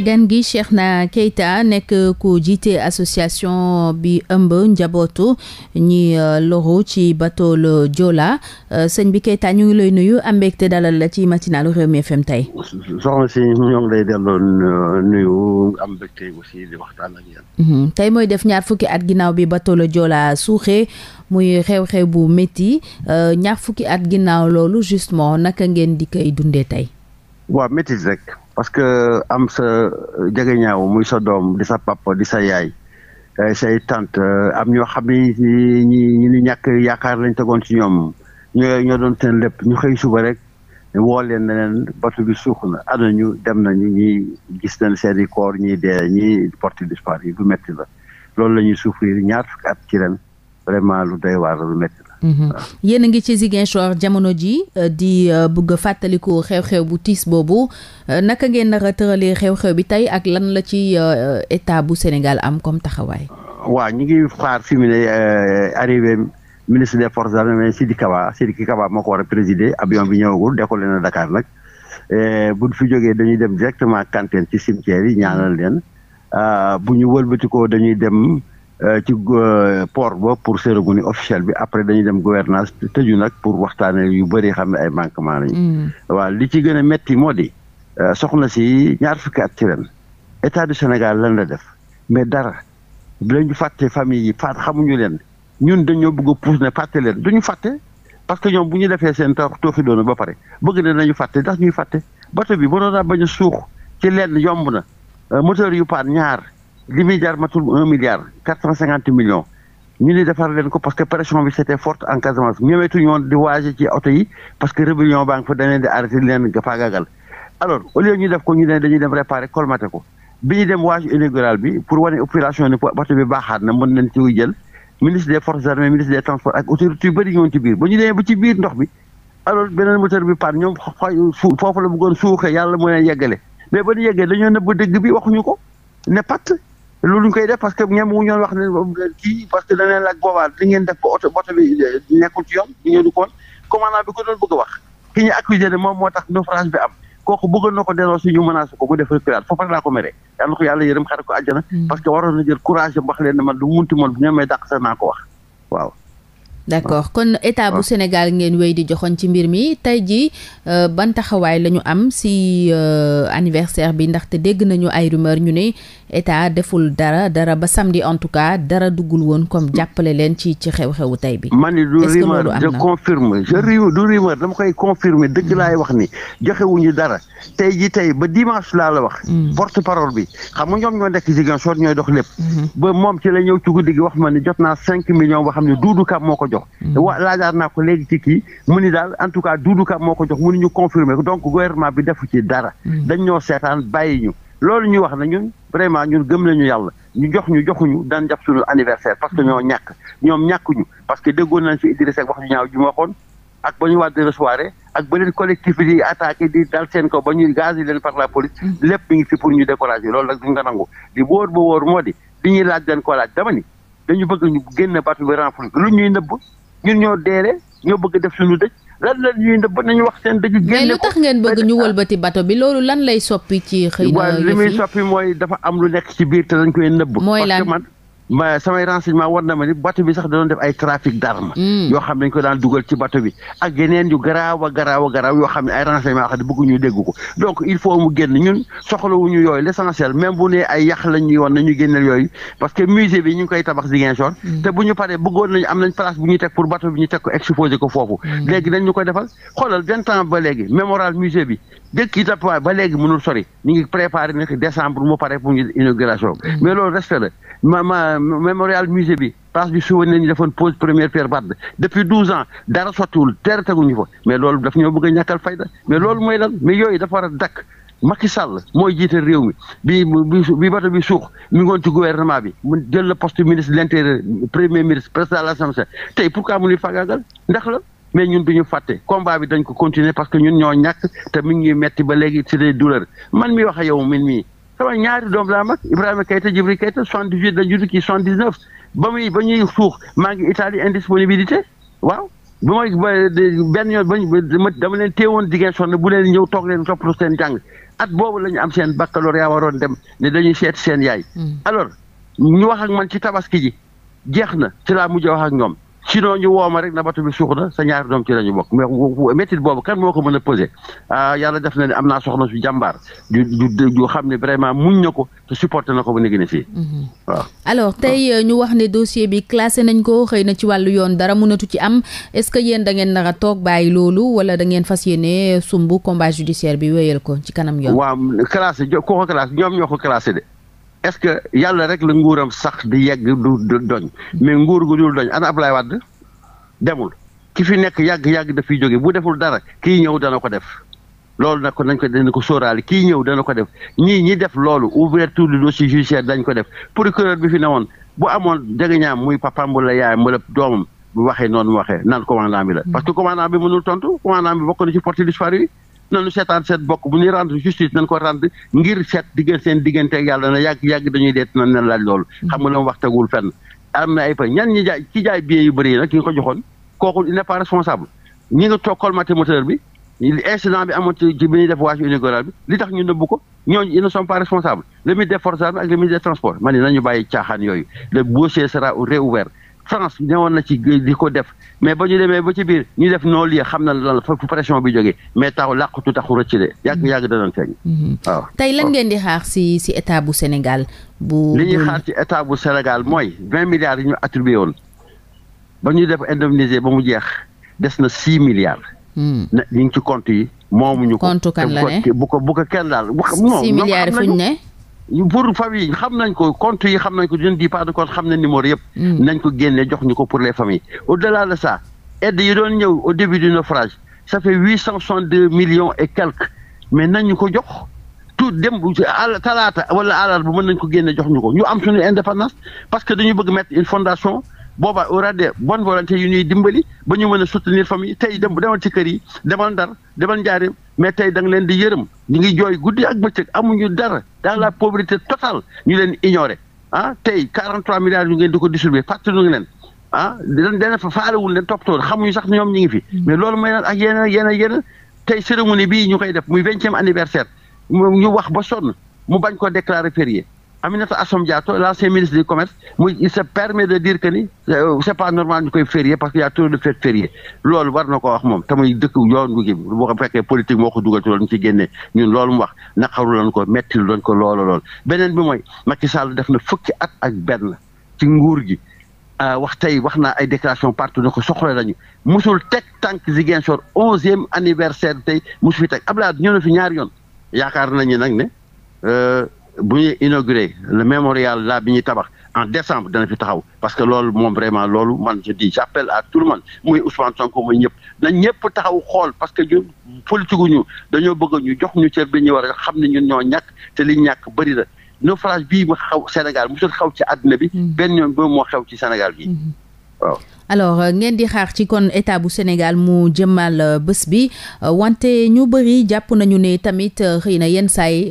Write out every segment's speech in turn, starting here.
gan gi na Keita nekk ku jiite association bi ëmb njabootu ñi euh, loru ci bateau le Joola euh, sëñ bi Keita ñu ngi lay nuyu am mbégte dalal la ci matinalu Rewmi FM tey. soxna si mhm. tey mooy def ñaar fukki at ginnaaw bi bateau le Joola suuxee muy xew-xew bu metti euh, ñaar fukki at ginnaaw loolu justement naka ngeen di koy dundee tey. waaw métti rek. parce que am sa euh, jegeñaaw muy sa doom di sa papa di sa yaay euh, say tante euh, am ñoo xam ni ñi ñi ñàkk yaakaar lañu tegoon ci ñoom ñoo doon seen lépp ñu xëy suba rek woo leen ne leen bateau bi suux na ñu dem nañu ñi gis nañ seen i koor ñi dee ñi porté disparu lu métti la loolu la ñuy souffrir ñaar fukki at ci ren vraiment lu doy waar lu métti la Mm-hmm. yéen a ngi ci Ziguinchor jamono ji euh, di euh, bëgg a fàttaliku xew-xew bu tiis boobu euh, naka ngeen nar a tëralee xew-xew bi tey ak lan la ci état bu Sénégal am comme taxawaay. waaw ñu ngi xaar fi mu ne arrivé ministre des forces armées Sidiki Kaba Sidiki Kaba ko war a présider avion bi ñëwagul décollé na Dakar nag buñ fi jógee dañuy dem directement Kantène ci cimetière yi ñaanal leen bu ñu wëlbatikoo dañuy dem. Euh, ci euh, port ba pour cérémonie officielle bi après dañuy dem gouvernance tëju nag pour waxtaanee yu bëri xam ne ay manquement lañu mm. waaw li ci gën a metti moo di euh, soxna si ñaar fukki at ci ren état du Sénégal lan la def mais dara lañu fàtte famille yi faat xamuñu leen ñun dañoo bëgg a puus ne fàtte leen duñu fàtte parce que ñoom bu ñu defee seen tax tooxi doona ba pare bëgg na nañu fàtte ndax ñuy fàtte bato bi mënoon naa bañ a suux ci lenn yomb na moteur yu paan ñaar li muy jaar matul un milliard quatre cent cinquante millions ñu ni defar leen ko parce que pression bi c'était forte en Casamance ñëweetuñu woon di waajé ci oto yi parce que rébellion baa ngi fa di arrêté di leen faagaagal alors au lieu ñu def ko ñu ne dañuy dem réparé colmaté ko bi ñu dem waaju inaugural bi pour wane population ni bato bi na mën nañ ci jël ministre des forces armées ministre des transports ak autorités yu bëri ci biir ba loolu ñu koy def parce que ñoom wu ñoon wax ne kii parce que daneen laaj boobaa li ngeen def ba oto oto bi nekkul ci yoon ñu ñëw di ko woon commandant bi ko doon a wax ki ñu si ñu ko bu def reculade foofu rek laa ko mere yàlla na ko yàlla yërëm ko àjjana mm. parce que waroon na courage am leen ne man du munti moon ngeen may dàq sax naa ko wax waaw d'accord kon état bu Sénégal ngeen wéy di joxoon ci mbir mi tey jii euh, ban taxawaay la am si euh, anniversaire bi ndaxte dégg nañu ay rumeur ñu ne état deful dara dara ba samedi en tout cas dara duggul woon comme jàppale leen ci ci xew-xewu tey bi. man du rumeur je confirme hmm. du rumeur dama koy confirmer dëgg hmm. laay wax ni joxewuñu dara tey ji tey ba dimanche laa la wax. Hmm. porte parole bi xam nga ñoom ñoo nekk Ziguinchor ñooy dox lépp. ba moom ci la ñëw ci guddi gi wax ma ne jot naa cinq millions boo xam ne duudu kam jox. Mm. wa laajaar naa ko léegi ci kii mu ni daal en tout cas Doudou Ka moo ko jox mënuñu confirmer ko donc gouvernement bi defu ci dara. Mm. dañ seetaan bàyyi ñu. loolu ñuy wax na ñun vraiment ñun gëm nañu yàlla ñu jox ñu joxuñu daan jàpp suñu anniversaire parce que mm. ñoo ñàkk ñoom ñàkkuñu parce que déggoon nañ fi Idriss Seck wax ju ñaaw ju waxoon ak ba ñu wàdd recevoir ak ba leen collectif bi di di dal seen kaw ba ñuy gaz leen par la police lépp ngi fi dañu bëgg ñu génne parti bi renfort lu ñuy nëbb ñun ñoo deere ñoo bëgg def suñu dëj lan la ñuy nëbb nañu wax seen dëgg. génne ko lu tax ngeen bëgg ñu walbati bato bi loolu lan lay soppi ci. xëy na li muy soppi mooy dafa am lu nekk ci biir te dañ koy nëbb. mooy lan man ma samay renseignement war na ma ni bateau bi sax da def ay trafic d'armes. Hmm. yoo xam ne dañ ko daan dugal ci bateau bi ak yeneen yu garaaw a garaaw a garaaw yoo xam ne ay renseignement wax ne bëgguñu dégg ko donc il faut mu génn ñun soxlawuñu yooyu l'essentiel même bu ne ay yàq lañ ñuy woon nañu génneel yooyu parce que musée bi ñu koy tabax Ziguinchor hmm. te bu ñu paree bëggoon nañu am nañ place bu ñuy teg pour bateau bi ñu teg ko exposé ko foofu hmm. léegi dañ ko defal depuis Itapuwa ba léegi mënul sori ñu ngi préparé nekk décembre mu pare pour inauguration mm-hmm. mais loolu respect la ma ma mémorial musée bi place du souvenir ñu defoon pose première pierre Wade depuis douze ans dara sottiwul teer teguñu fa mais loolu daf ñoo bëgg a ñàkkal fayda mais loolu mooy lan mais yooyu dafa war a dakk Macky Sall mooy jiite réew mi bi bi bi bato bi suux mi ngoon ci bi mu jël la post ministre de l'intérieur premier ministre président de l'Assemblée tey pourquoi mu mais ñun du ñu fàtte combat bi dañ ko continuer parce que ñun ñoo ñàkk te mi ngi metti ba léegi ci des douleurs man mi wax ak yow min mii sama ñaari doom laa mag Ibrahima Keita Djibril Keita soixante dix huit la judd kii ba muy ba ñuy suux maa ngi Italie indisponibilité waaw ba may bu leen ñëw toog leen toppatoo seen jàng at boobu la ñu am seen baccalauréat yaa waroon dem ne dañuy seet seen yaay hmm. alors ñu wax ak man ci tabaski ji jeex na ci laa mujj wax ak ñoom sinon ñu wooma rek na bato bi suux na sa ñaari doom ci la bokk mais boobu kan moo ko mën a posé ah, yàlla def na ne am naa soxna su jàmbaar ju xam ne vraiment muñ na ko te supporté na ko ba ni gën a fii mhm. waaw tey euh, ñu wax ne dossier bi classé nañ koo xëy na ci wàllu yoon dara mënatu ci am est-ce que yéen da ngeen nar a toog bàyyi loolu wala da ngeen fas yéene sumb combat judiciaire bi wéyal ko ci kanam yoon waaw classé ko ko classé ñoom ñoo ko classé de est-ce que yàlla rek la nguuram sax di yegg du doñ mais nguur gu dul doñ ana Ablaye Wade demul ki fi nekk yàgg-yàgg dafiy jóge bu deful dara kii ñëw dana ko def loolu nag nañ ko dana ko sóoraale kii ñëw dana ko def ñii ñi def loolu ouverture du dossier judiciaire dañ ko def procureur bi fi newoon bu amoon dégg ñaam muy papam la yaay wala doomam bu waxee noonu waxee naan commandant bi hmm. parce que commandant bi mënul tontu commandant bi bokk na ci porté disparu nañu seetaan seet bokk bu ñuy rendre justice nañ ko rendre ngir seet diggante seen diggante ak yàlla na yàgg yàgg dañuy deet nañ laaj loolu mm-hmm. xam nga la am na ay ñan ñi jaay ci jaay billet yu bëri ki nga ko joxoon kooku il pas responsable ñi nga toog colmaté moteur bi incident bi amoon ci bi ñuy def waasi inaugural bi li tax ñu nëbbu ko ñooñu ils ne pas responsables le ministre des ak le ministre des transports nañu bàyyi caaxaan yooyu le dossier sera France ñëwoon na ci di ko def mais ba ñu demee ba ci biir ñu def noolu yi xam na lan la fa pression bi jógee mais taw làqatu taxu rëcc de yàgg yàgg danañ feeñ. Mhm. waaw tey lan ngeen di xaar si si état bu Sénégal. bu li ñuy xaar ci état bu Sénégal mooy vingt milliards yi ñu attribué woon ba ñu def indemniser ba mu jeex des na six milliards. Hmm. na ñu ngi ci compte yi moomuñu ko. compte kan la ne bu ko bu ko kenn daal. six milliards fuñ ne. pour famille xam nañ ko compte yi xam nañ ko je ne dis pas de compte xam nañ numéro yëpp. Mm. nañ ko génne jox ñu ko pour les familles. au delà de ça aide yi doon ñëw au début du naufrage ça fait huit cent soixante deux millions et quelques mais nañu ko jox. tout dem àll talaata wala bu mën nañ ko génne jox ñu ko ñu am suñu indépendance parce que dañu bëgg mettre une fondation. boobaa aura des bonne volonté yu ñuy dimbali ba ñu mën a soutenir famille tey dem demal ci kër yi demal ndar demal njaareem mais tey da nga leen di yërëm ñu ngi jooy guddi ak bëccëg amuñu dara dans la pauvreté totale ñu leen ignorer ah tey 43 milliards ñu ngeen di ko distribuer fàttali ñu leen ah dinañ dana fa faalewul leen toppatoo xamuñu sax ñoom ñu ngi fi. mais loolu mooy a ak yeneen ak yeneen yeneen tey cérémonie bii ñu koy def muy vingtième anniversaire ñu wax ba sonn mu bañ ko déclarer férié. Aminata Assome Diatta l'ancien ministre du commerce muy il se permet de dire que ni euh, c'est pas normal ñu koy férié parce que y a trop de fêtes fériées loolu na ko wax moom te muy dëkk yoon wu gi boo xam fekkee politique moo ko dugal ci loolu ci génnee ñun loolu mu wax naqaru lañ ko metti doon ko loolo lool beneen bi mooy Macky saal def na fukki at ak benn ci nguur gi a euh, wax tey wax naa ay déclaration partout no ko soxla lañu musul teg tànk Ziguinchor onzième anniversaire tey musu fi teg Abdoulaye ñu ne fi ñaari yoon yaakaar nañu nag ne euh, bu ñuy inauguré le mémorial là bi ñuy tabax en décembre dana fi taxaw parce que loolu moom vraiment loolu man je dis j'appelle à tout le monde muy Ousmane Sonko muy ñëpp na ñëpp taxaw xool parce que ñun politique ñu dañoo bëgg ñu jox ñu cër bi ñu war xam ne ñun ñoo ñàkk te li ñàkk bëri na naufrage bii mu xaw Sénégal mosul xaw ci àdduna bi. Mm-hmm. benn yoon boobu moo xew ci Sénégal bi mm-hmm. waaw. alors euh, ngeen di xaar ci kon état bu Sénégal mu jëmmal euh, bés bi euh, wante ñu bëri jàpp nañu ne tamit xëy na yenn saay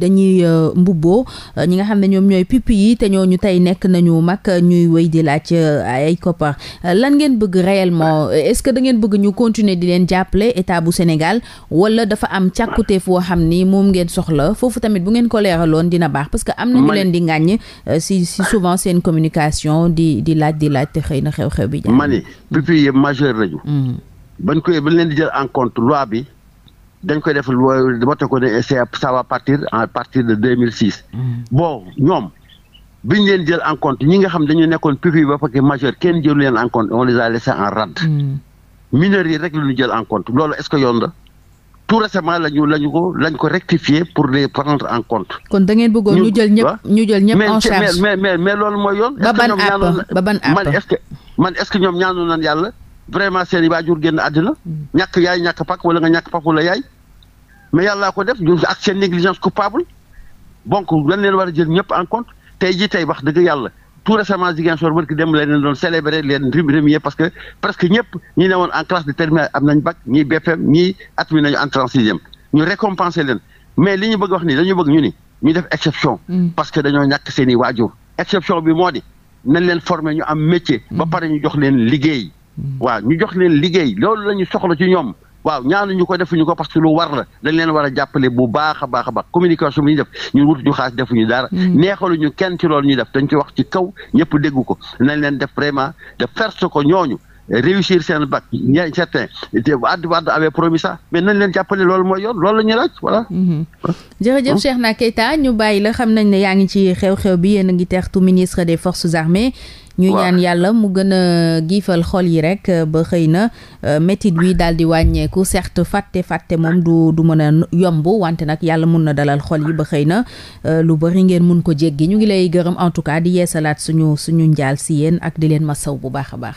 dañuy mbubboo ñi nga xam ne ñoom ñooy pipi yi te ñoo ñu tey nekk nañu mag ñuy wéy di laaj ay koppar lan ngeen bëgg réellement est-ce que da bëgg ñu continuer di leen jàppale état bu Sénégal wala dafa am càkkute foo xam ni moom ngeen soxla foofu tamit bu ngeen ko loon dina baax parce que am na ñu leen di ngàññ si si ah. souvent seen communication di di laaj di laaj xëy na xew-xew bi. ma ni pupilles yëpp majeur lañu. Mm-hmm. bañ koy bañ leen di jël en compte loi bi dañ koy def loi ko ne ça va partir à partir de 2006. Mm-hmm. bon ñoom biñ leen jël en compte ñi nga xam dañu nekkoon pupille ba fekkee majeur kenn jëlu leen en compte on les a laissés en rade. Mm-hmm. mineurs yi rek la ñu jël en compte loolu est-ce yoon la. tout récemment lañu lañ ko rectifier pour les prendre en compte. kon da ngeen ñu jël ñëpp mais mais mais loolu mooy man est-ce que ñoom ñaanu nañ yàlla vraiment seen i waajur génn àddina mm. ñàkk yaay ñàkk pak wala nga ñàkk pak wala yaay mais yàllaa ko def ñu ak seen négligence coupable donc dañ leen war a jël ñëpp en compte tey ji tey wax dëgg yàlla tout récemment Ziguinchor barki dem la leen doon célébrer leen remercier parce que presque ñëpp ñi ne woon en classe de terminale am nañ bac ñii BFM ñii at mi nañu ñu récompenser leen mais li ñu nañ leen former ñu am métier. ba pare ñu jox leen liggéey. waaw ñu jox leen liggéey loolu la ñu soxla ci ñoom. waaw ñaanu ñu ko defuñu ko parce que lu war la dañ leen war a jàppale bu baax a baax a baax communication bi ñu def ñun wutuñu xaalis defuñu dara. Hmm. ñu kenn ci loolu ñuy def dañ koy wax ci kaw ñëpp dégg ko nañ leen def vraiment de force ko ñooñu réussir seen bac ñenn certains Wade Wade avait promis ça mais nañ leen jàppale loolu mooy yoon loolu la ñuy laaj voilà. Mm-hmm. na Cheikhna taa ñu bàyyi la xam nañ ne yaa ngi ci xew-xew bi yéen a ngi tu ministre des forces armées. ñu ñaan yàlla mu gën a giifal xol yi rek euh, ba xëy na euh, métit wi daal di wàññeeku certes fàtte fàtte moom du du mën a yomb wante nag yàlla mun na dalal xol yi ba xëy na euh, lu bari ngeen mun ko jéggi ñu ngi lay gërëm en tout cas di yeesalaat suñu suñu njaal si yéen ak di leen ma saw bu baax a baax.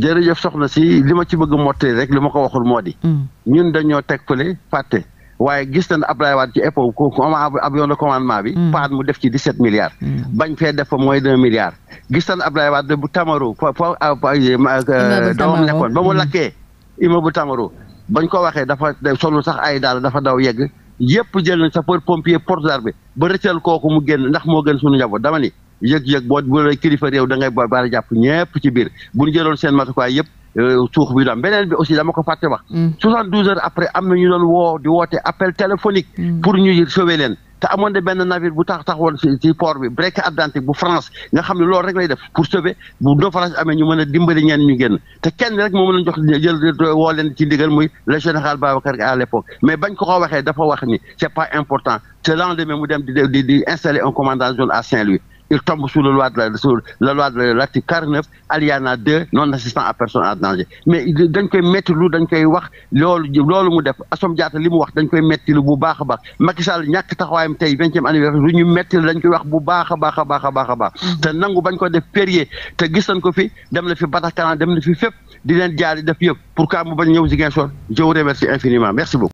jërëjëf soxna si li ma ci bëgg mottali rek li ma ko waxul moo di. Mm. ñun dañoo teg fële fàtte. waaye gis nañ Abdoulaye Wade ci épo ku avion de commandement bi. Hmm. paat mu def ci dix sept milliards. Hmm. bañ fee def fa mooy deux milliards. gis nañ Abdoulaye Wade bu Tamaro fa fa ah, euh, doomam nekkoon ba mu hmm. lakkee immeuble Tamaro bañ ko waxee dafa solu sax ay daal dafa daw yegg yëpp jël nañ sapeur pompier porte bi ba rëccal kooku mu génn ndax moo gën suñu njaboot dama yëg-yëg boo bu la kilifa réew da ngay bari jàpp ñëpp ci biir bu ñu jëloon seen matukaay yëpp. suux euh, bi dam beneen bi aussi dama ko fàtte wax. 72 mm. heures après am na ñu doon woo di woote appel téléphonique. Mm. pour ñu sauver leen. te amoon de benn navire bu tax taxawoon ci ci port bi break Atlantique bu France nga xam ne loolu rek lay def pour sauver bu naufrage amee ñu mën a dimbali ñenn ñu génn te kenn rek moom mën a jox jël woo leen ci ndigal muy le général Babacar à l'époque mais bañ ko ko waxee dafa wax ni c'est pas important te lendemain mu di di di installer un commandant zone il tombe sous le loi de la sous la loi de l'article 49 alinéa 2 non assistant à personne en danger mais dañ koy métti dañ koy wax loolu def Assome Diatta wax dañ koy métti lu bu baax a baax Macky Sall ñàkk taxawaayam tey vingtième anniversaire lu ñu métti dañ koy wax bu baax a baax a baax a a mm-hmm. nangu bañ ko def périer te gis ko fi dem na fi Bataclan dem na fi fépp di leen def yëpp pourquoi mu bañ ñëw Ziguinchor je remercie infiniment merci beaucoup